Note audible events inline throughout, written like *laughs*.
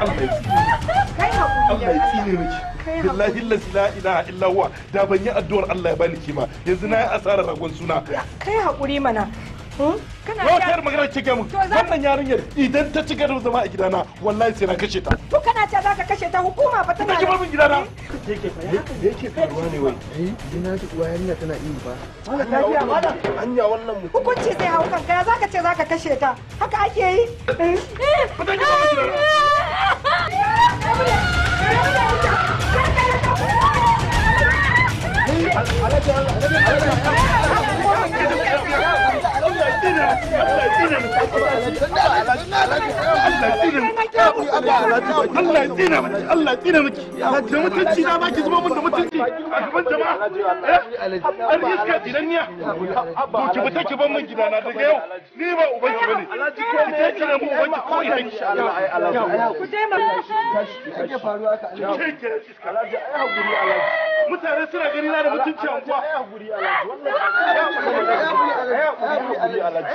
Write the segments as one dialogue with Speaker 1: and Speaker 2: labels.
Speaker 1: Allah ya
Speaker 2: tsine miki billahi
Speaker 1: la ilaha illa huwa da ban yi addu'ar Allah ya bani kima yanzu na yi asarar ragon suna
Speaker 3: kai hakuri mana
Speaker 1: Hmm? kana kayar magana kike mun wannan yarinyar idan ta ci gaba zama a gidana wallahi sai na kashe ta
Speaker 3: to kana ce za ka kashe ta hukuma ba ta kike mun gidana
Speaker 1: eh? yake
Speaker 4: yake ne wai ta eh, tana yi ba
Speaker 3: wala
Speaker 5: ta biya
Speaker 3: mana hukunci zai hau kanka ya zaka ce ka kashe ta haka ake yi
Speaker 1: eh? gidana Allah tsina miki Allah tsina miki da mutunci na baki zuba mun da mutunci a gaban jama'a an iska tsinanniya to ki fita ki ban min gidana daga yau
Speaker 4: ni ba ubanki bane ki ta kira mu ubanki ko ina ki ku je ma kake faruwa ka Alhaji ai hakuri Alhaji mutane suna gani na da mutunci anguwa ai hakuri Alhaji wallahi ai hakuri Alhaji
Speaker 1: ai hakuri Alhaji Ki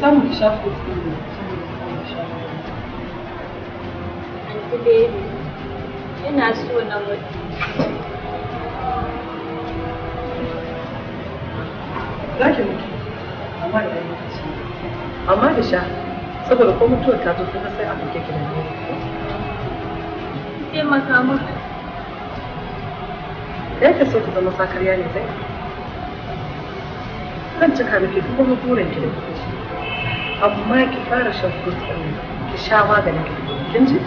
Speaker 2: samu ki shafa
Speaker 6: Ina so na mutu.
Speaker 5: za ki mutu amma idan lokaci amma da sha saboda ko mutuwar ta zo kuma sai a buke ki da ne
Speaker 3: taimaka mu
Speaker 5: ya ka so ki zama sakarya ne zai zan cika miki duk wani burin ki da kuke amma ki fara shan fruit ki sha maganin ki kin ji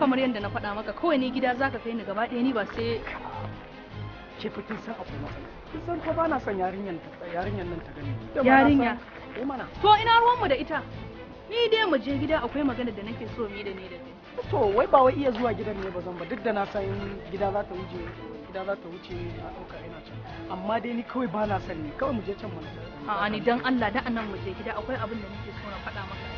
Speaker 5: kamar yadda na faɗa maka kawai ni gida zaka kai ni gaba ɗaya ni ba sai ke fitin kin san akwai matsala kin san ko ba na san yarinyan yarinyan nan ta gani yarinya eh mana to ina ruwan mu da ita ni dai mu je gida akwai magana da nake so mi da ni da kai to wai ba wai iya zuwa gidan ne ba zan ba duk da na san gida za ta wuce gida za ta wuce a ɗauka ina can amma dai ni kawai na san ne kawai mu je can mana
Speaker 3: a'a ni dan Allah da anan mu je gida akwai abin da nake so na faɗa maka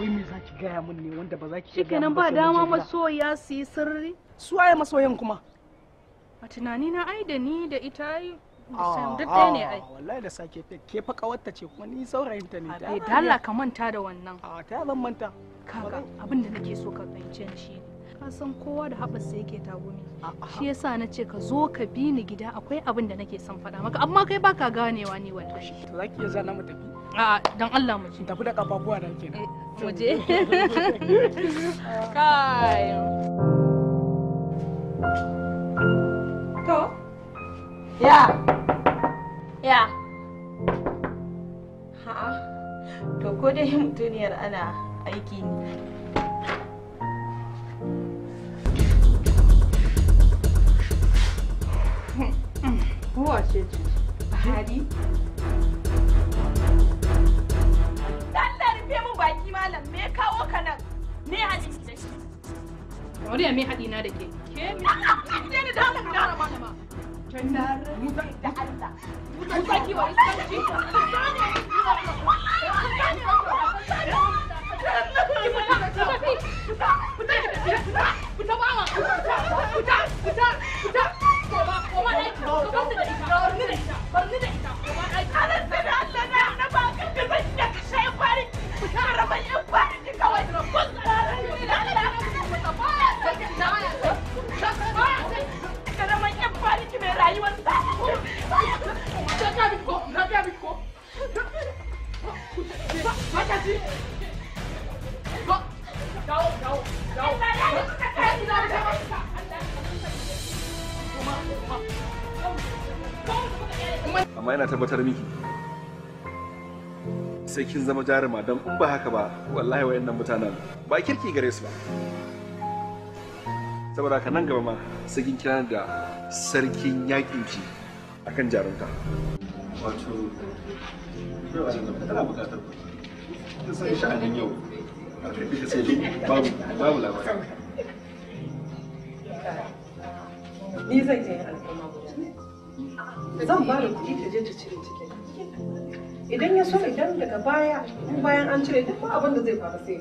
Speaker 5: wai me za ki gaya min ne wanda ba za ki gaya min ba ba dama masoya
Speaker 3: su yi sirri su
Speaker 5: waye masoyan kuma
Speaker 3: a tunani na ai da ni da ita ai ah, duk ɗaya ne ah, ai wallahi da sake fe ke fa kawarta ce kuma ni saurayin ta ne da Allah ka manta da wannan a ah, ta zan manta kaga abin da nake so ka fahimce ni shi ka san kowa da haɓarsa yake ni shi yasa na ce ka zo ka bi ni gida akwai abin da nake son faɗa maka amma kai baka ganewa ni shi to zaki iya zana mu tafi a dan Allah mu ci tafi da kafafuwa da kenan eh, mu waje
Speaker 7: *laughs* kai to ya
Speaker 3: ya ha to ko dai mutuniyar ana aiki ne kowace ce Buhari Dan da rufe mu baki malam me kawo ka nan me haɗin ki da shi Mauriya me haɗi na da ke ke me ke ni da mun dara da Jannar mutan da Allah mutan kiwa iskanci mutan kiwa
Speaker 8: tabbatar miki sai kin zama jaruma don in ba haka ba wallahi wayannan mutanen ba kirki gare su ba saboda ka nan gaba ma sai kin kira da sarkin yakin ki akan jarumta wato yau a babu labari
Speaker 5: ni zan je al'umma zan ba da kuɗi ta je ta cire ciki idan ya so idan daga baya in bayan an cire duk abin da zai faru sai ya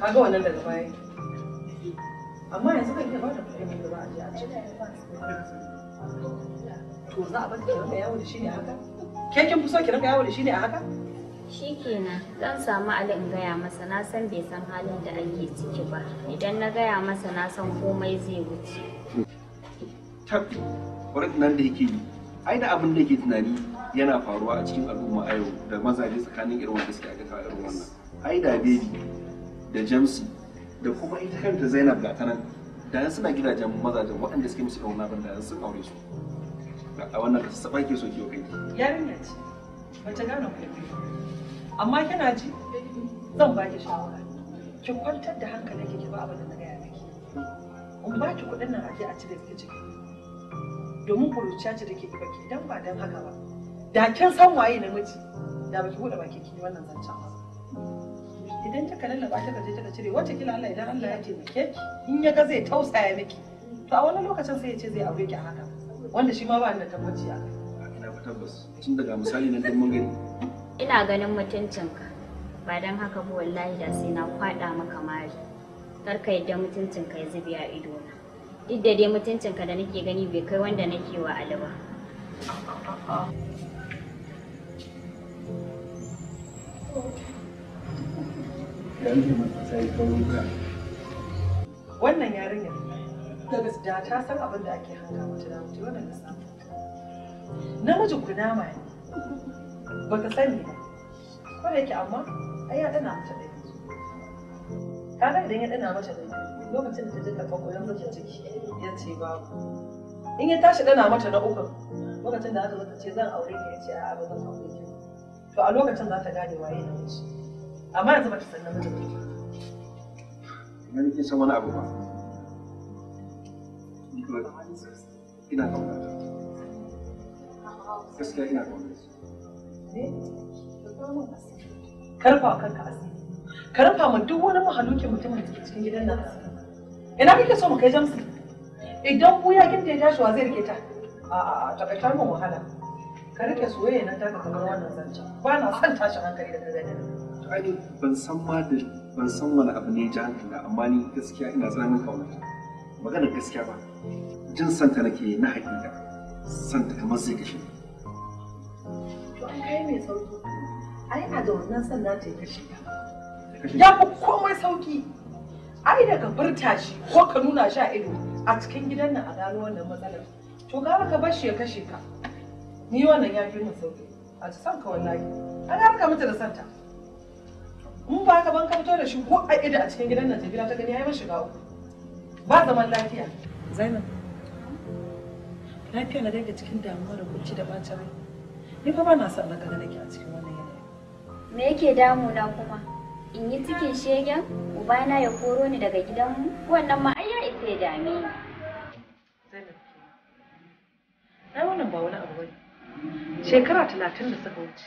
Speaker 5: ga wannan daga baya amma yanzu kan iya ba da kuɗi da ba a je a cire to za a baka kiran ka yawo da shi ne haka
Speaker 7: ke kin fi so kiran ka yawo da shi ne a haka shikenan zan samu ali in gaya masa na san bai san halin da ake ciki ba idan na gaya masa na san komai zai wuce
Speaker 8: kwarin nan da yake yi ai da abin da yake tunani yana faruwa a cikin al'umma a yau da mazaje tsakanin irin wanda suke aikata irin wannan ai da baby da jamsi da kuma ita kanta zainab ga ta nan da suna gidajen mazajen waɗanda suke musu irin ban da sun aure su a wannan ka saba ke so kiwo kai
Speaker 5: yarinya ce bata gane kai, amma kina ji zan ba ki shawara ki kwantar da hankalinki ki ba abin da na gaya miki in ba ki kuɗin nan aje a cire ki ciki domin kuruciya ce da ke baki don ba don haka ba da kin san waye namiji da baki buɗe baki kin wannan zancen ba idan kika lallaba ta gaje ta cire wata kila Allah idan Allah ya taimake ki in ya ga zai tausaya miki to a wani lokacin sai ya ce zai aure ki a haka wanda shi ma ba da tabbaci a kai
Speaker 8: ina tabbas tun daga misali nan din mun gani
Speaker 7: ina ganin ka ba don haka ba wallahi da sai na kwaɗa maka mari kar ka yadda ka ya zube a idona duk da dai mutuncinka da nake gani bai kai wanda nake wa alawa.
Speaker 5: wannan yarinya daga da ta san abin da ake hanga mata da mutu wannan da samu namijin nama ne ba ka sani ba ko da yake amma ai ya dana mata da ka ga idan ya dana mata da lokacin da ta je karɓar kuɗin mijin ciki ya ce babu in ya tashi dana mata na uku lokacin da aka zata ce zan aure ki ya ce a'a ba zan aure ki to a lokacin za ta gane waye na mace amma yanzu ba ta san namijin ciki Nan
Speaker 8: kin san wani abu ba.
Speaker 5: Ina kauna ta. Gaskiya ina kauna ta. Karfa kanka asiri. ka rufa min duk wani mahalukin mutumin da ke cikin gidan nan ina kake so mu kai jamsi idan buya kin ta tashi wa zai rike ta a kai mu wahala ka rike soyayya nan ta kamar wannan zancen ba na son tashin hankali da dare
Speaker 8: ai ban san ma da ban san wani abu ne ji hankali amma ni gaskiya ina tsananin kauna maganar gaskiya ba jin santa nake na hakika santa kamar zai kashe to
Speaker 5: an kai mai sauki ai a da wannan san na ta kashe ta ya fi komai sauki ai daga Burtashi shi ko ka nuna shi a ido a cikin gidan nan a gano wannan matsalar to gara ka bar shi ya kashe ka ni wannan ya fi min sauki a ci son ka wallahi an har ka mutu da santa mun ba ka ban ka fito da shi ko a ido a cikin gidan nan ta gida ta gani ya yi mashiga uku ba zaman lafiya zainab lafiya na daga cikin damuwa da kunci da bacin rai ni fa ba na son na ga nake a cikin wannan yanayi
Speaker 7: me yake damuna kuma in yi cikin shegen ubana ya koro ni daga gidanmu wannan ma ai ya isa ya dame ni ai wannan ba
Speaker 5: wani abu bane shekara talatin da suka wuce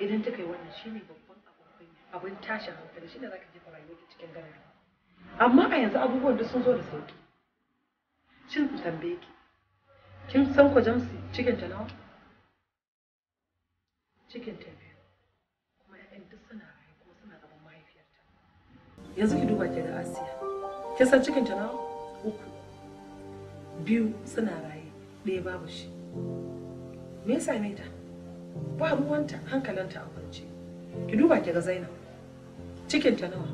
Speaker 5: idan ta kai wannan shine babban abin abin tashin hankali shine zaka jefa ta cikin garari amma a yanzu abubuwan duk sun zo da sauki shin ku tambaye ki kin san ku jamsi cikin ta nawa cikin ta yanzu ki duba ki ga asiya Ki san cikin ta nawa uku biyu suna raye ɗaya babu shi me ya mai ta ba ruwanta hankalanta a kwance ki duba ki ga zainab cikin ta nawa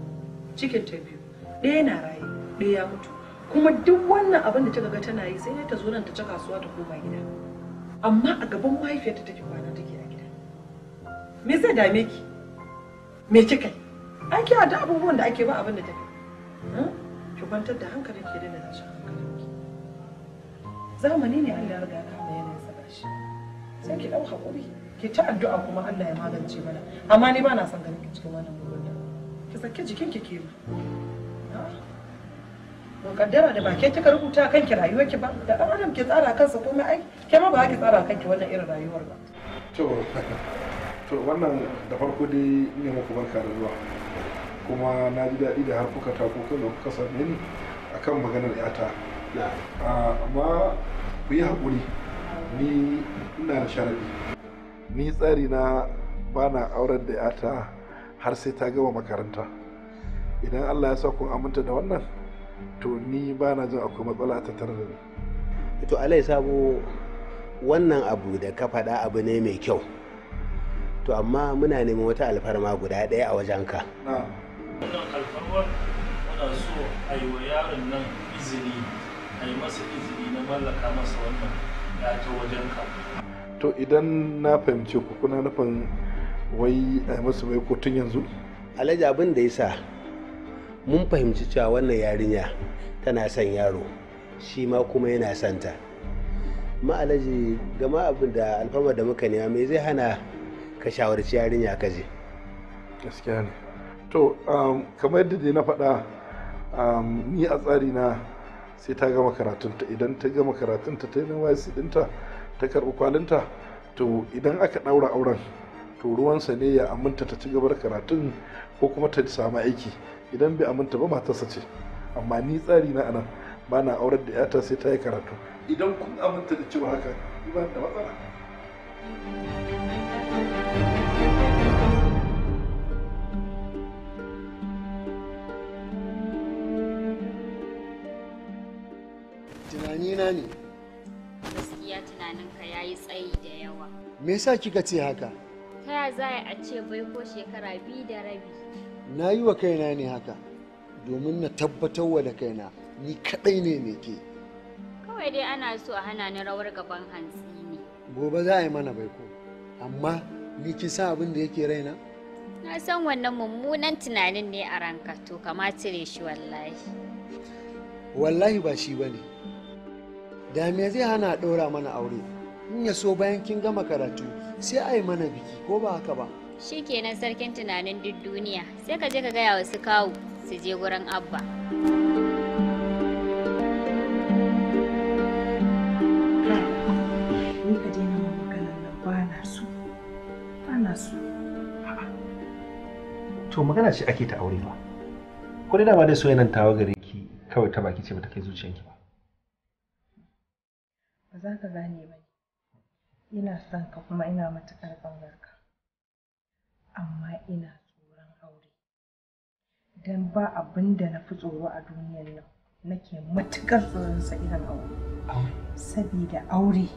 Speaker 5: cikin ta biyu ɗaya na raye ɗaya ya mutu kuma duk wannan abin da kika ga tana yi sai ta zo nan ta ci kasuwa ta koma gida amma a gaban mahaifiyarta take kwana take a gida me zai dame ki me kika yi Aiki a da abubuwan da ake ba abin da tafi ki kwantar da hankalin ki da tashin hankalin ki zamani ne Allah ya riga ka mai yana saba shi sai ki dau hakuri ki ta addu'a kuma Allah ya magance mana amma ni ba na son ganin ki cikin wannan gurbin ki saki jikin ki ke ah. ba kaddara da bakin kika rubuta ki rayuwar ki ba da dan adam ke tsara kansa komai ai ke ma ba ki tsara kanki wannan irin rayuwar ba
Speaker 1: to *laughs* to wannan da farko dai ne muku barka da zuwa kuma na ji daɗi da har kuka tako kai da kuka same ni a kan maganar yata ah, amma ku yi haƙuri ni ina da sharadi ni tsari na ba na auren da yata har sai ta gama makaranta idan allah ya sa kun aminta da wannan
Speaker 4: to ni ba na jin akwai matsala a tattare da ni to alai sabo wannan abu da ka faɗa abu ne mai kyau to amma muna neman wata alfarma guda ɗaya a wajenka
Speaker 6: wannan alfarmar muna so a yi wa yaron nan izini a yi masa izini na mallaka masa wannan ya ta wajenka
Speaker 1: to idan na fahimci ku kuna nufin wai a yi masa mai
Speaker 4: tun yanzu alhaji abin da ya sa mun fahimci cewa wannan yarinya tana son yaro shi ma kuma yana santa ma'alaji gama abin da alfarmar da muka nema me zai hana ka shawarci yarinya ka je
Speaker 1: gaskiya ne to um, kamar yadda dai na faɗa um, ni a tsari na sai ta gama karatunta idan ta gama karatunta ta yi nysc ɗinta ta karɓi kwalinta to idan aka ɗaura auren to ruwansa ne ya aminta ta ci gaba karatun ko kuma ta samu aiki idan bai aminta ba matarsa ce amma ni tsari na anan ba na aurar da yata sai ta yi karatu idan kun aminta da cewa haka ba da matsala
Speaker 4: tunanina ne
Speaker 7: gaskiya tunaninka ya yi tsayi da yawa
Speaker 4: me yasa kika ce haka
Speaker 7: ta ya za a ce bai ko shekara biyu da rabi
Speaker 4: na yi wa kaina ne haka domin na tabbatar wa da kaina ni kadai ne me ke
Speaker 7: kawai dai ana so a hana ni rawar gaban hantsi ne
Speaker 4: gobe za a yi mana baiko amma ni kin san abin da yake raina
Speaker 7: na san wannan mummunan tunanin ne a ranka to kama cire shi wallahi
Speaker 4: wallahi ba shi bane da me zai hana ɗora mana aure in ya so bayan kin gama karatu sai a yi mana biki ko ba haka ba
Speaker 7: shi kenan sarkin tunanin duk duniya sai ka je ka gaya wa su kawu su je gurin abba
Speaker 8: to magana ce ake ta aure ba ko da ba dai so yanan tawa gare ki kawai ta
Speaker 6: baki ce ba ta kai zuciyanki ba
Speaker 3: ba za ka gane ba ina son ka kuma ina matuƙar ƙaunar ka amma ina tsoron aure don ba abin da na fi tsoro a duniyar nan nake matuƙar tsoron sa irin aure saboda aure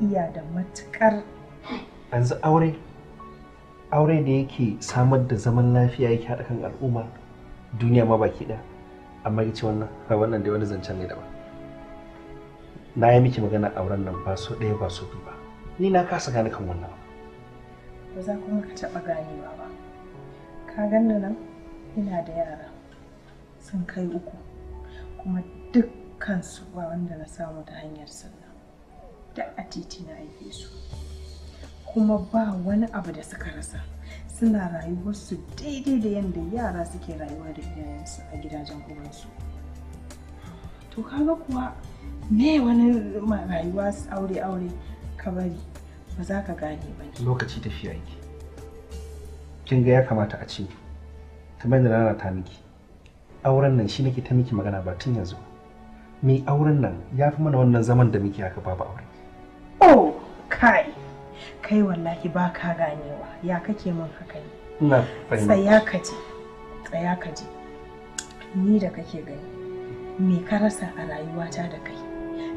Speaker 3: iya da matuƙar
Speaker 8: yanzu aure aure ne yake samar da zaman lafiya yake haɗa kan al'umma duniya ma baki ɗaya amma ya ce wannan wannan dai wani zancen ne daban na yi miki magana auren nan ba so ɗaya ba so biyu ba ni na kasa gane kan wannan
Speaker 3: ba za kuma ka taɓa ganewa ba ka ganni nan ina da yara sun kai uku kuma dukkansu ba wanda na samu ta hanyar sallah da a titi na aike su kuma ba wani abu da suka rasa suna rayuwarsu daidai da yadda yara suke rayuwa da iyayensu a gidajen uwansu to kaga kuwa me wani rayuwa aure aure ka bari ba za ka gane ba ne
Speaker 8: lokaci tafiya ke kin ga ya kamata a ce kamar da rana ta miki auren nan shi nake ta miki magana ba tun yanzu me auren nan ya fi mana wannan zaman da muke haka babu aure
Speaker 3: oh kai kai wallahi ba ka ganewa ya kake min haka ne ina fahimta tsaya ka ji tsaya ka ji ni da kake gani me ka rasa a rayuwata da kai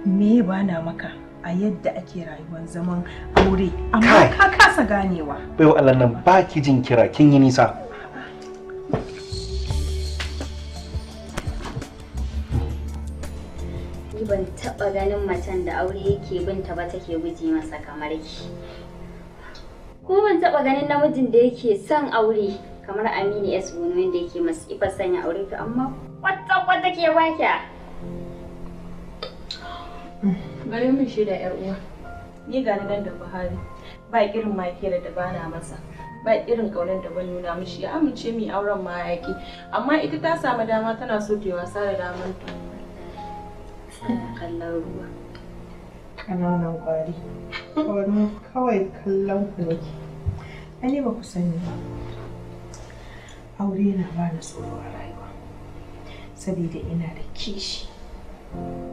Speaker 3: me ba na maka a yadda ake rayuwar zaman aure amma ka kasa ganewa
Speaker 8: wa? Allah nan ba ki jin kira kin yi
Speaker 7: nisa ni ban taba ganin matan da aure yake binta ba take guji masa kamar ki ko ban taba ganin namijin da yake son aure kamar Aminu S. Bono wanda yake masu sanya aure to amma wata kwata ke baki Bari shaida shi da uwa.
Speaker 3: Ni ga nan da Buhari. Ba irin makiyar da bana masa. Ba irin kaunar da ban nuna mishi ya amince mi auren ma Amma ita ta samu dama tana so ta yi wasa da damar ta. Kallon ruwa. Ƙananan ƙwari. Ƙwari kawai kallon ku nake. Ai ba ku sani ba. Aure na tsoro a rayuwa. Saboda ina da kishi.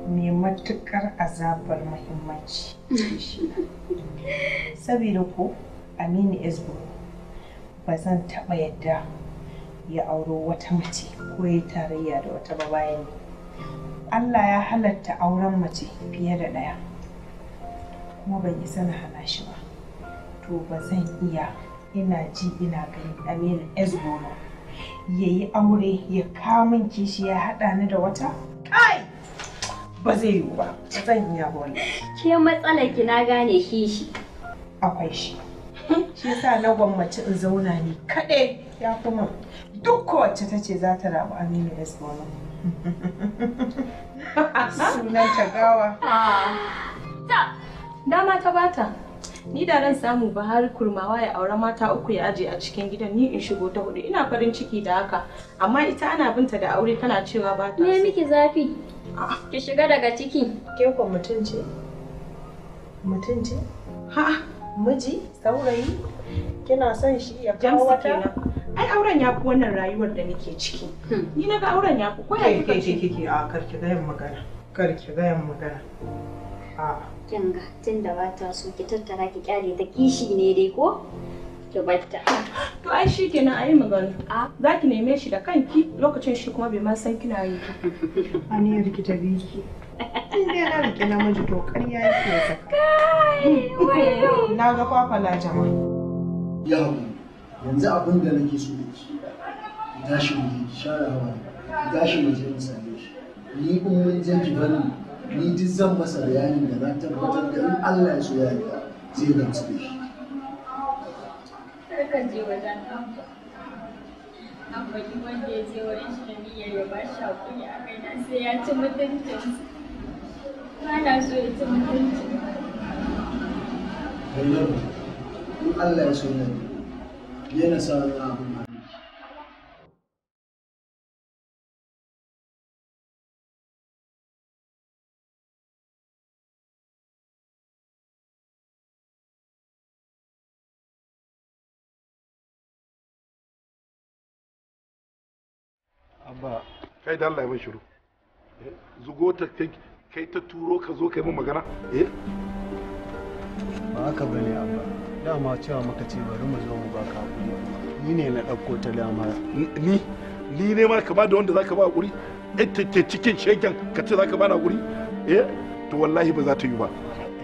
Speaker 3: mai matukar azabar mahimmanci *laughs* saboda ko aminu esbo ba zan taɓa yadda ya auro wata mace ko ya tarayya da wata ba ne. Allah ya halatta auren mace fiye da ɗaya kuma ban isa na hana shi ba to ba zan iya ina ji ina gani aminu esbo ya yi aure ya kamun kishi ya haɗa ni da wata kai ba zai yiwu ba zan iya ba wannan
Speaker 7: ke matsalar ki na gane shi shi
Speaker 3: akwai shi shi sa na gwammaci in zauna ne kaɗai ya kuma duk kowace ta ce za ta rabu aminu da tsoro sunan ta gawa ah. ta dama ta bata ni da ran samu ba har kurmawa ya aure mata uku ya aje a cikin gidan ni in shigo ta hudu ina farin ciki da haka amma ita ana binta da aure tana cewa ba ta me miki zafi Ki shiga daga ciki. Ke ku mutum ce? Mutum ce? Ha, miji, saurayi, kina son shi ya kawo wata? Ai auren ya fi wannan rayuwar da nake ciki. Hmm. Ni na ga auren ya fi ko ya kike ce kike a karki gayan magana. Karki gayan magana.
Speaker 7: A. Kinga, tunda ba ta so ki tattara ki kyale ta kishi ne dai ko? ki batta. To ai shi kenan
Speaker 3: ayi magana. Za ki neme shi da kanki lokacin shi kuma bai ma san kina yi. *laughs* Ani ya rikita biki. In dai na rike namiji to ƙarya yake ya saka.
Speaker 4: Kai *laughs* Na ga kwafa na jama. Ya yanzu abin da nake so da ki. Tashi mu je ki share hawa. Tashi mu je mu same shi. Ni kuma mun je ki bani ni duk zan masa bayanin da na tabbatar da in Allah ya so ya yarda zai gamsu da shi.
Speaker 7: kakan je wajen abba wanda ya je wurin shi da niyyar ya ba shi haƙuri a kaina sai ya ci mutuncin ba na so ya ci mutuncin
Speaker 4: Allah ya so yana sa wani abu
Speaker 1: abba kai da Allah ya mai shiru eh, zugo ta kai ta turo ka zo kai mun magana eh
Speaker 4: ba haka bane abba dama cewa maka ce bari mu zo mu ka hakuri ni ne na
Speaker 1: ɗauko ta dama ni ni ne ma ba da wanda zaka ba hakuri ita ke cikin shegen ka ce zaka ba na hakuri eh to wallahi ba za ta yi ba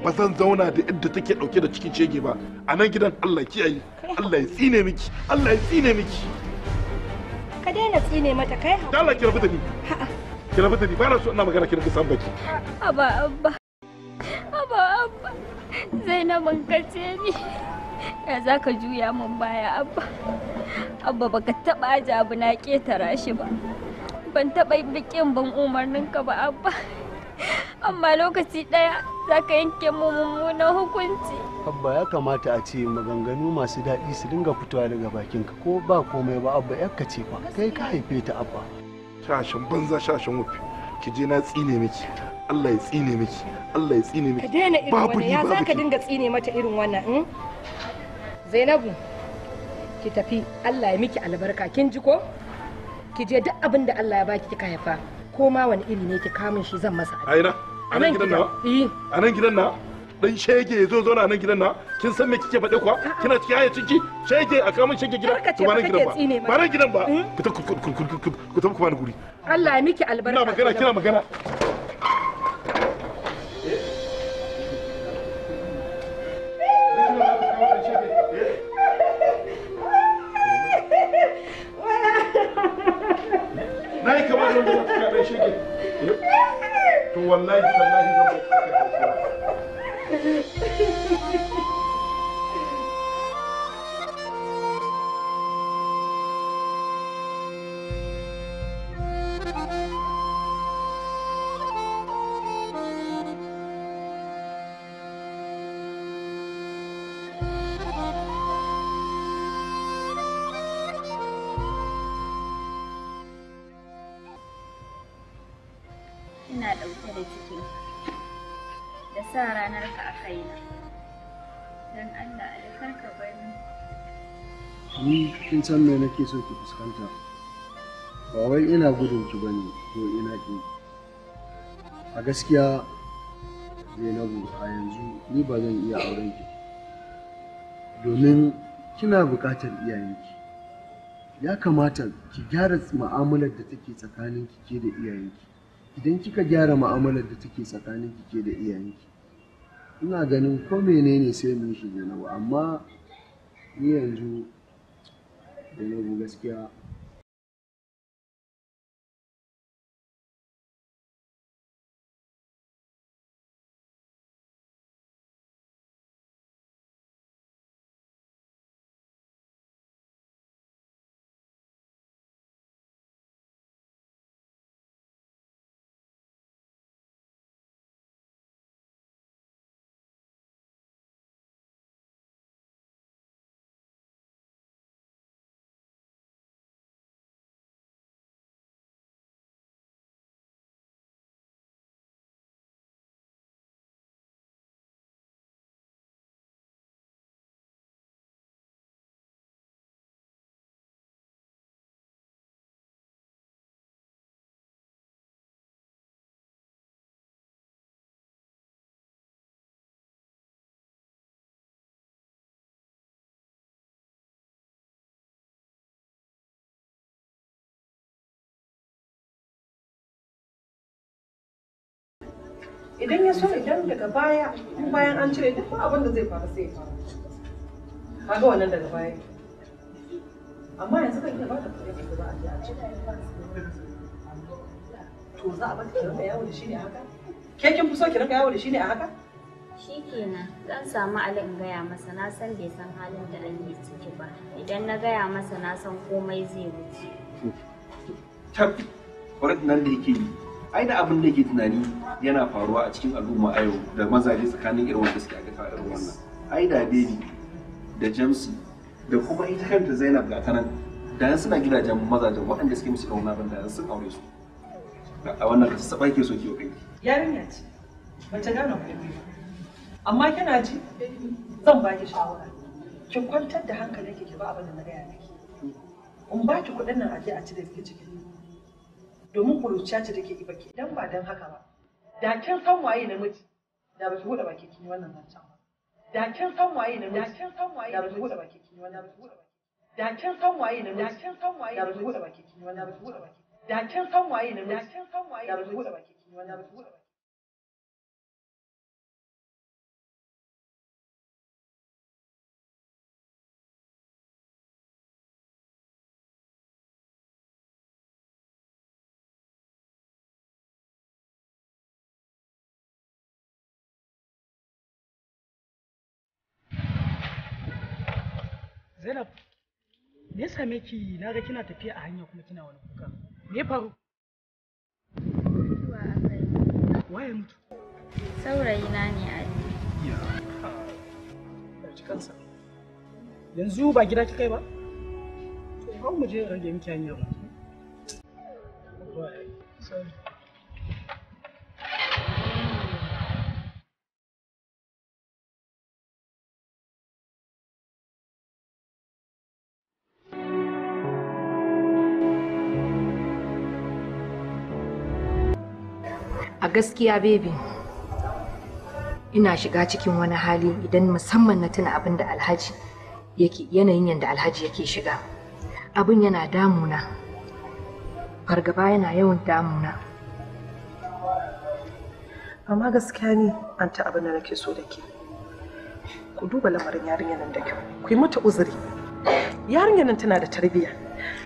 Speaker 1: ba zan zauna da yadda take dauke da cikin shege ba a nan gidan Allah kiyaye Allah ya tsine miki Allah ya tsine miki
Speaker 3: Ka daina tsine mata kai haƙuri.
Speaker 1: Dalla ki rabu da ni. Ki rabu da ni ba na so ina magana ki rinka san baki.
Speaker 7: Aba abba. Aba abba. Zainabin kace ni. Ya zaka juya mun baya abba. Abba baka taba aji abu na ketara shi ba. Ban taba bikin ban umarninka ba abba. Amma lokaci ɗaya za ka yanke mu mummunan hukunci.
Speaker 4: Abba ya kamata a ce maganganu masu daɗi su dinga fitowa daga bakinka ko ba komai ba abba yakka ce ba kai ka haife ta abba. Shashin banza shashin wufi ki
Speaker 1: je na tsine miki Allah ya tsine miki Allah ya tsine miki. Ka
Speaker 4: daina irin wannan ya za ka dinga
Speaker 3: tsine mata irin wannan. Hmm? Zainabu ki tafi Allah ya miki albarka kin ji ko? Ki je duk abin da Allah ya baki kika haifa ko ma wani iri ne ki kamun shi zan masa.
Speaker 1: Aina. a nan gidan nawa eh. a nan gidan na dan shege ya zo zo na nan gidan na kin san me kike faɗe kuwa kina cikin haya ciki shege a kamun shege gidan to ba nan gidan ba ba nan gidan ba ku ta ku ku ku ku ku ta ku ba ni guri Allah ya miki albarka kina magana kina magana
Speaker 7: da cikin da sa ranar ka a kaina don Allah a ka bari
Speaker 4: ni kin san me nake so ki fuskanta ba wai ina gudun ki bane ko ina ki a gaskiya Zainabu a yanzu ni ba zan iya auren ki domin kina buƙatar iyayenki ya kamata ki gyara mu'amalar da take tsakanin ki ke da iyayenki idan kika gyara mu'amalar da take tsakanin kike da iyayenki ina ganin ko menene sai mun shigo ne amma ni yanzu da na
Speaker 2: gaskiya idan ya so idan daga baya in bayan an cire duk abin
Speaker 5: da zai faru sai ya faru kaga wannan daga baya amma yanzu kan iya bada kuɗi da gaba a ji a cire to za a baka ki yawo da shi ne haka ke kin fi so ki rinka yawo da shi ne a haka
Speaker 7: shi kenan zan samu ala in gaya masa na san bai san halin da an yi ciki ba idan na gaya masa na san komai zai wuce
Speaker 8: tab nan da yake yi aina abin da ke tunani yana faruwa a cikin al'umma a yau da mazaje tsakanin irin wanda suke aikata irin wannan ai da baby da jamsi da kuma ita kanta zainab ga tanan da suna gidajen mazajen waɗanda suke musu kauna wannan da sun aure su a wannan ka saba ke so kiwo kai.
Speaker 5: yarinya ce bata gane kuɗi ba amma kina ji zan ba ki shawara ki kwantar da hankalinki ki ba abin da na gaya miki in ba ki kuɗin nan aje a cire ki cikin domin kuruciya ce take yi baki. idan ba don haka ba da kin san waye namiji da ba ki buɗe baki kin yi wannan zancen ba da kin san waye namiji da kin san waye da ba ki buɗe baki kin yi wannan zancen ba da kin san waye namiji da kin san waye da ba ki buɗe
Speaker 2: baki kin yi wannan zancen ba da kin san waye namiji da kin san waye da ba ki buɗe baki kin yi wannan zancen ba same ki
Speaker 5: na ga kina tafiya a hanya kuma kina wani kuka me ya faru
Speaker 7: waye mutu saurayi na ne a ji kansa yanzu ba gida kai ba to hau
Speaker 2: mu je rage miki hanyar ba sorry
Speaker 3: gaskiya baby ina shiga cikin wani hali idan musamman na tuna abin da alhaji yake yanayin yadda alhaji yake shiga abin yana damuna fargaba yana yawan damuna amma gaskiya ne an ta abin da nake so da ke
Speaker 5: ku duba lamarin yarinyar nan da kyau ku yi mata uzuri yarinyar nan tana da tarbiyya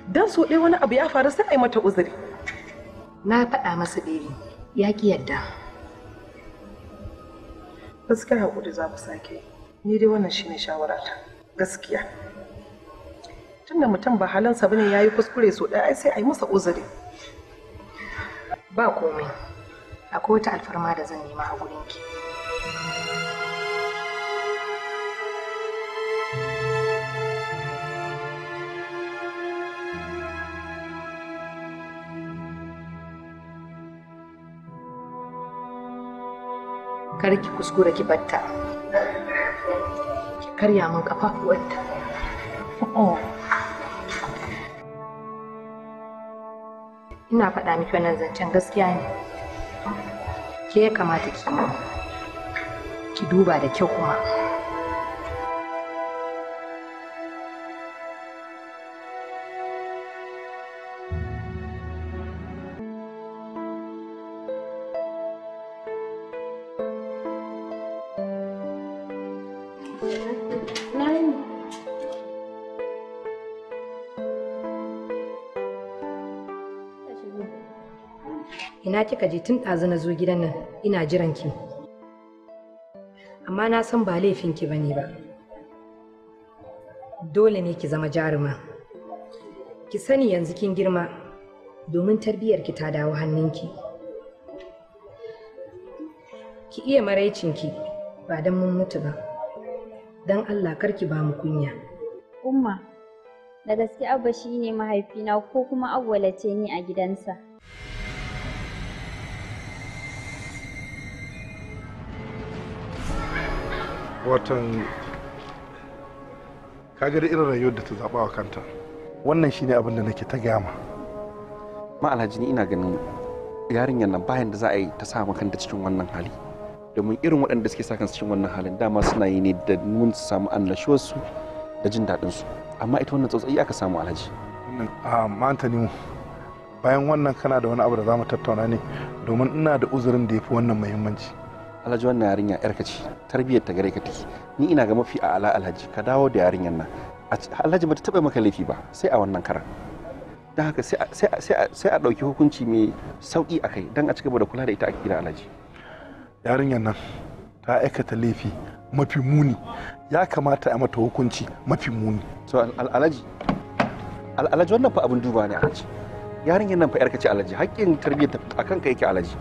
Speaker 5: dan so ɗaya wani abu ya faru sai a yi mata uzuri na faɗa masa bebe
Speaker 3: ya ki yadda
Speaker 5: gaskiya haƙuri za ku sake ni dai wannan shine shawarata gaskiya tunda mutum ba halansa
Speaker 3: bane ya yi kuskure so ɗaya sai a yi masa uzuri ba komai akwai wata alfarma da zan nema a gurinki. ki kar ki kuskura ki batta ki karya min kafa kafafuwanta oh. ina faɗa miki wannan zancen gaskiya ne ke ya kamata ki ki duba da kyau kuma kika je tun ɗazu na zo gidan nan ina jiran ki. Amma na san ba laifin ki bane ba. Dole ne ki zama jaruma. Ki sani yanzu kin girma domin tarbiyyar ki ta dawo hannunki. Ki iya maraicinki ba don mun mutu ba. Don Allah karki ba mu kunya.
Speaker 7: Umma, da gaske abba shine mahaifina ko kuma abwalace ni a gidansa.
Speaker 1: watan kaga da irin rayuwar da ta zaba wa kanta wannan shine abin da nake ta gama ma alhaji ni ina ganin yarinyar nan bayan da
Speaker 8: za a yi ta sa kanta cikin wannan hali domin irin waɗanda suke sa cikin wannan halin dama suna yi ne da nun su samu annashuwarsu da jin daɗinsu amma ita wannan tsautsayi aka samu alhaji
Speaker 1: manta antoni bayan wannan kana da wani abu da za mu tattauna ne domin ina da uzurin da ya fi wannan muhimmanci
Speaker 8: alhaji wannan yarinya yarka ce tarbiyyar ta gare ka take ni ina ga mafi a ala alhaji ka dawo da yarinyar nan alhaji bata taba maka laifi ba sai a wannan karan don haka sai a ɗauki hukunci mai sauƙi a kai don a cigaba da kula da ita a gidan alhaji
Speaker 1: yarinyar nan ta aikata laifi mafi muni ya kamata a mata hukunci mafi muni to alhaji alhaji
Speaker 8: wannan fa abin duba ne alhaji yarinyar nan fa yarka ce alhaji haƙƙin tarbiyyar ta akan ka yake alhaji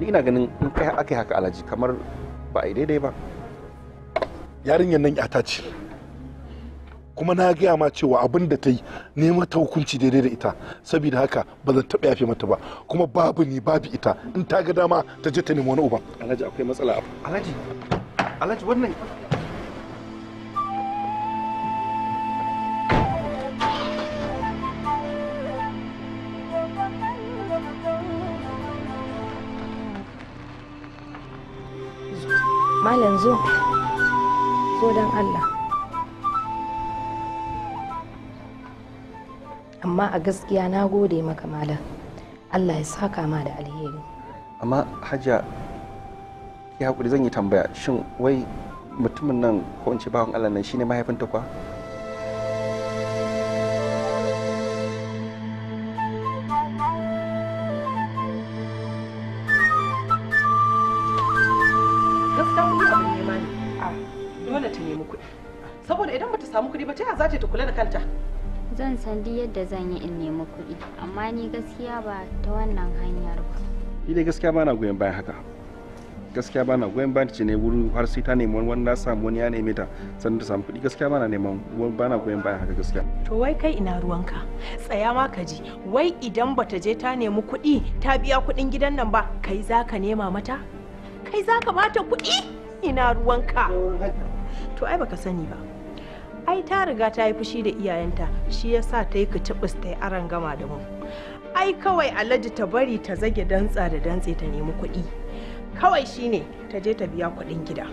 Speaker 8: ni ina ganin in kai aka haka alaji kamar ba a yi daidai ba
Speaker 1: yarinyar nan yata ce kuma na gaya ma cewa abin da ta yi ne mata hukunci daidai da ita saboda haka ba zan taɓa yafe mata ba kuma babu ni babu ita in ta ga dama ta je ta nemi wani uba alhaji akwai matsala
Speaker 8: alhaji alhaji wannan
Speaker 3: malam zo zo don allah amma a gaskiya na gode maka malam allah ya saka ma da alheri
Speaker 8: amma hajja ya hakuri zan yi tambaya shin wai mutumin nan ko in ce bawan allah nan shine mahaifinta kwa
Speaker 5: haka za ta kula da kanta
Speaker 7: zan san duk yadda zan yi in nemi kuɗi amma ni gaskiya ba ta wannan hanyar ba
Speaker 8: ni dai gaskiya ba na goyon bayan haka gaskiya ba na goyon bayan ta ne wuri har sai ta nemi wani na samu wani ya neme ta sannan ta samu kuɗi gaskiya ba na neman ba na goyon bayan haka gaskiya
Speaker 3: to wai kai ina ruwanka tsaya ma ka ji wai idan ba ta je ta nemi kuɗi ta biya kuɗin gidan nan ba kai za ka nema mata kai za ba bata kuɗi ina ruwanka to ai baka sani ba ai ta riga ta yi fushi da iyayenta shi ya sa ta yi kicibis ta yi aron gama da mu ai kawai alhaji ta bari ta zage dantsa da dantse ta nemi kuɗi kawai shine ta je ta biya kuɗin gida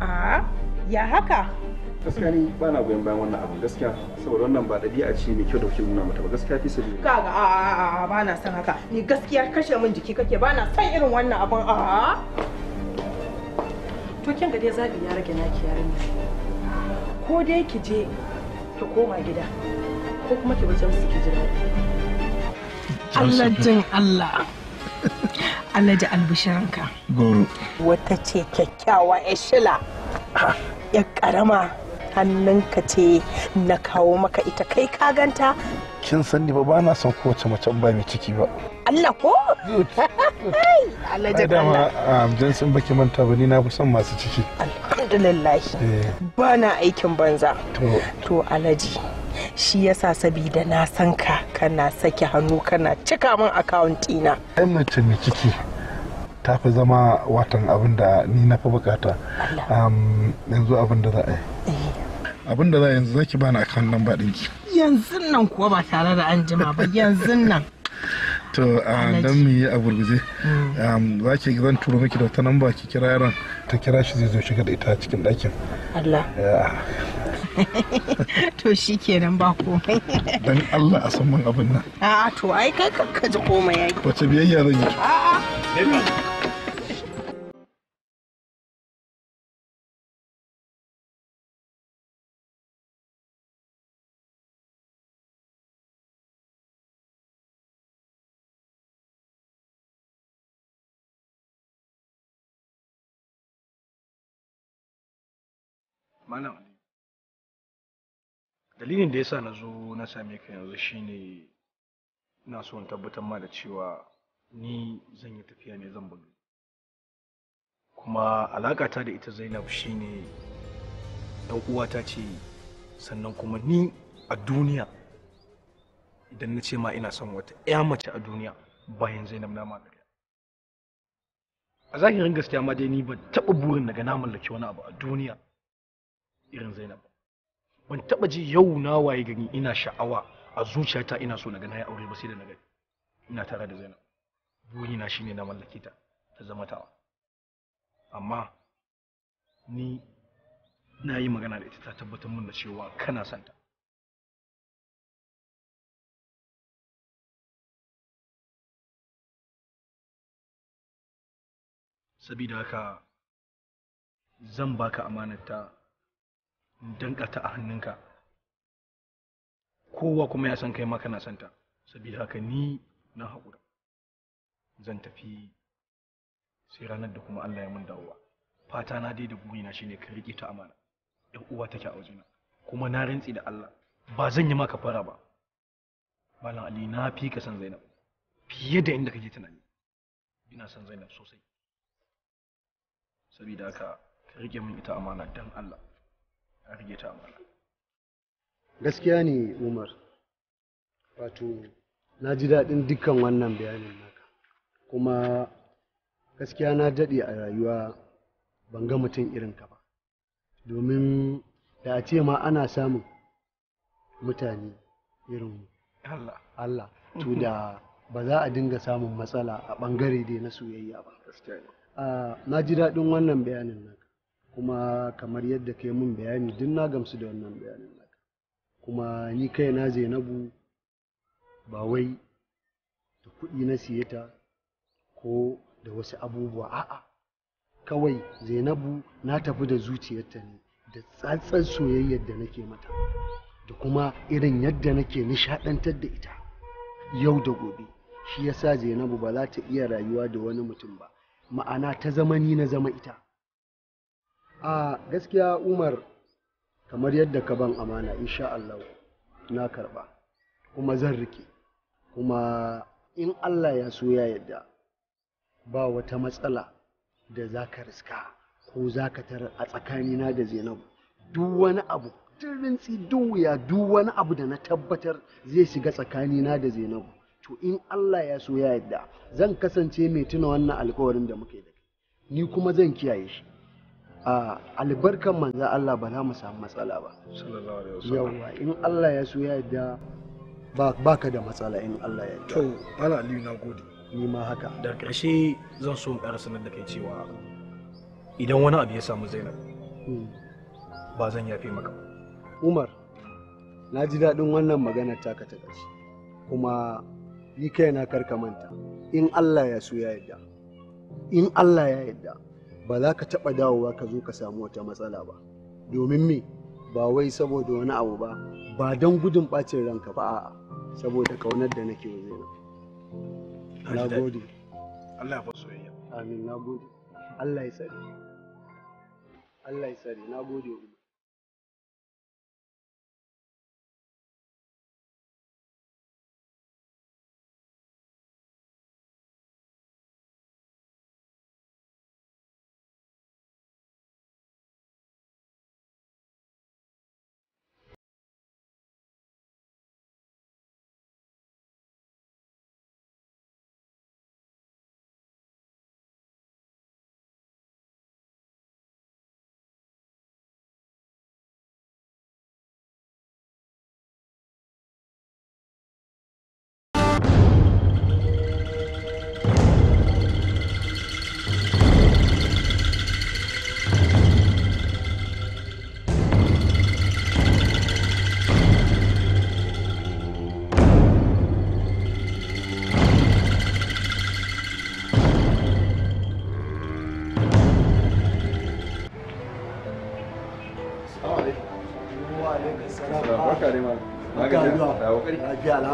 Speaker 3: a ya haka
Speaker 8: gaskiya ni ba na goyon bayan wannan abu, gaskiya saboda wannan ba ɗabi'a ce mai kyau da kuke nuna mata ba gaskiya fi sabi
Speaker 3: kaga a a a ba na son haka ni gaskiya kashe min jiki kake ba na son irin wannan abun a to kin ga dai zabi ya rage naki
Speaker 5: yarinya ko dai ki je ki koma gida ko kuma ki wajen
Speaker 3: su ki jira Allah jin Allah Allah da albishiranka goro wata ce kyakkyawa ya shila ya karama hannunka ce na kawo maka ita kai ka ganta
Speaker 1: kin san ni ba ba na son kowace mace ba mai ciki ba
Speaker 3: Allah ko Allah da dama
Speaker 1: ah, jinsin baki manta ba ni na fi son masu ciki
Speaker 3: alhamdulillahi eh. ba na aikin banza to alaji shi yasa sabida na san ka kana sake hannu kana cika min akawunti na
Speaker 1: ai mace mai ciki ta fi zama watan abin da ni na fi bukata yanzu abin da za a yi eh. abin da za yanzu zaki bani na nan ba ɗinki
Speaker 3: yanzu nan kuwa ba tare da an jima ba yanzu nan
Speaker 1: to ah, don mu yi a gurguje mm. za ki zan turo miki da wata ba ki kira yaron ta kira shi zai zo shiga da ita cikin ɗakin
Speaker 3: Allah *laughs* to shi kenan ba komai *laughs* Dan Allah a san man abin nan a'a to ai kai ka ji komai yake wace biyayya zan yi
Speaker 2: a'a
Speaker 6: Malam Ali. Dalilin da yasa na zo na same ka yanzu shine ina so in tabbatar ma da cewa ni zan yi tafiya ne zan bugu. Kuma alakata da ita Zainab shine ɗan uwata ce sannan kuma ni a duniya idan na ce ma ina son wata 'ya mace a duniya bayan Zainab na mallaka. A zahirin gaskiya ma dai ni ban taɓa burin daga na mallaki wani abu a duniya. irin Zainab. Ban taɓa ji yau na waye gani ina sha'awa a zuciyata ina so na ga na aure ba sai da na gani. Ina tare da Zainab. na shine na mallake ta ta zama tawa. Amma ni
Speaker 2: na yi magana da ita ta tabbatar mun da cewa kana son ta.
Speaker 6: Sabida haka zan baka ta in danka ta a hannunka kowa kuma ya san kai ma kana santa saboda haka ni na haƙura zan tafi sai ranar da kuma Allah ya mun dawowa fata na dai da burina shine ka riƙe ta amana ɗan uwa take a wajena kuma na rantsi da Allah ba zan yi maka fara ba malam Ali na fi ka san Zainab fiye da inda kake tunani ina san Zainab sosai saboda haka ka riƙe min ita amana dan Allah a rige ta
Speaker 4: gaskiya ne umar wato na ji daɗin dukkan wannan bayanin naka kuma gaskiya na daɗe a rayuwa ban ga mutum irin ba domin da a ce ma ana samun mutane irin Allah Allah to da ba za a dinga samun matsala a ɓangare dai na soyayya ba ah, na ji daɗin wannan bayanin nan. kuma kamar yadda ka yi mun bayani duk na gamsu da wannan bayanin naka kuma ni kai na zainabu ba wai da kuɗi na siyeta ko da wasu abubuwa a'a kawai zainabu na tafi da zuciyarta ne da tsatsar soyayyar da nake mata da kuma irin yadda nake nishaɗantar da ita yau da gobe shi yasa zainabu ba za ta iya rayuwa da wani mutum ba ma'ana ta zama ni na zama ita a gaskiya umar kamar yadda ka ban amana insha Allah na karba kuma zan rike kuma in Allah ya so ya yadda ba wata matsala da za ka riska ko za ka tara a tsakanina da zainabu duk wani abu rintsi duk wuya duk wani abu da na tabbatar zai shiga tsakanina da zainabu to in Allah ya so ya yadda zan kasance mai tuna wannan alkawarin da muke da ni kuma zan kiyaye shi a albarkan manzan Allah ba za mu samu matsala ba Yawwa in Allah ya so ya yadda ba ka da matsala in Allah ya yarda to ana aliyu na gode ni ma haka da ƙarshe
Speaker 6: zan so in ƙara sanar da kai cewa idan wani abu ya samu zainab hmm. ba zan yafe maka
Speaker 4: umar na ji daɗin wannan maganar taka ta ƙarshe kuma yi kaina karka manta in Allah ya so ya yadda. in Allah ya yadda. ba za ka taɓa dawowa ka zo ka samu wata matsala ba domin me ba wai saboda wani abu ba ba don gudun ɓacin ranka ba a'a saboda ƙaunar da nake wa na gode Allah ya soyayya amin na gode Allah ya tsare Allah ya tsare na gode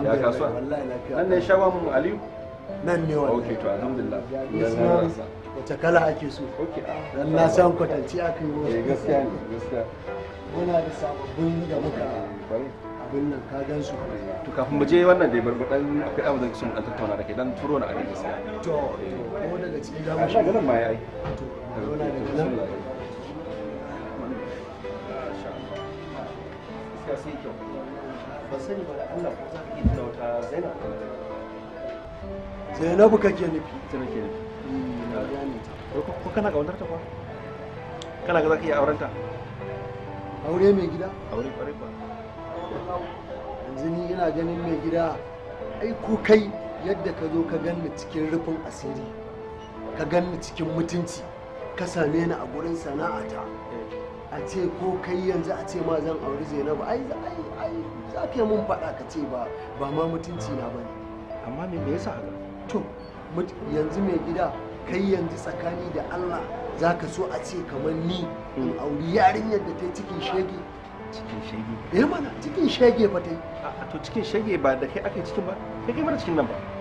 Speaker 4: ya kasuwa nan ne
Speaker 8: shagon mu aliyu nan ne wani ok to alhamdulillah
Speaker 4: wace kala ake so ah. dan na san kwatanci aka yi wasu eh, gaskiya ne gaskiya muna da sababbin da muka eh, abin nan ka gan su to kafin mu
Speaker 8: je wannan dai barbadan akwai abu da sun dan tattauna da kai dan turo na a gaskiya to
Speaker 4: ko daga cikin da mu shi ganin ma yayi to
Speaker 8: daga nan gaskiya sai kyau ba sani ba da Allah ko za ka iya Zainab Zainabu kake nufi nake nufi hmm, na gane ko kana ta kana ga za ka iya
Speaker 4: aure mai gida aure kwarai yanzu ni ina ganin mai gida ai ko kai yadda ka zo ka ganni cikin rufin asiri ka ganni cikin mutunci ka same ni a gurin sana'ata eh. a ce ko kai yanzu a ce ma zan auri zainabu ai ai za ka mun faɗa ka ce ba ba ma mutunci na bane amma me me yasa haka to yanzu mai gida kai yanzu tsakani da Allah za ka so a ce kamar ni in hmm. auri yarinyar da ta yi cikin shege cikin shege eh mana cikin shege fa tai yi a to cikin shege ba da kai
Speaker 8: aka yi cikin ba kai kai mara cikin nan ba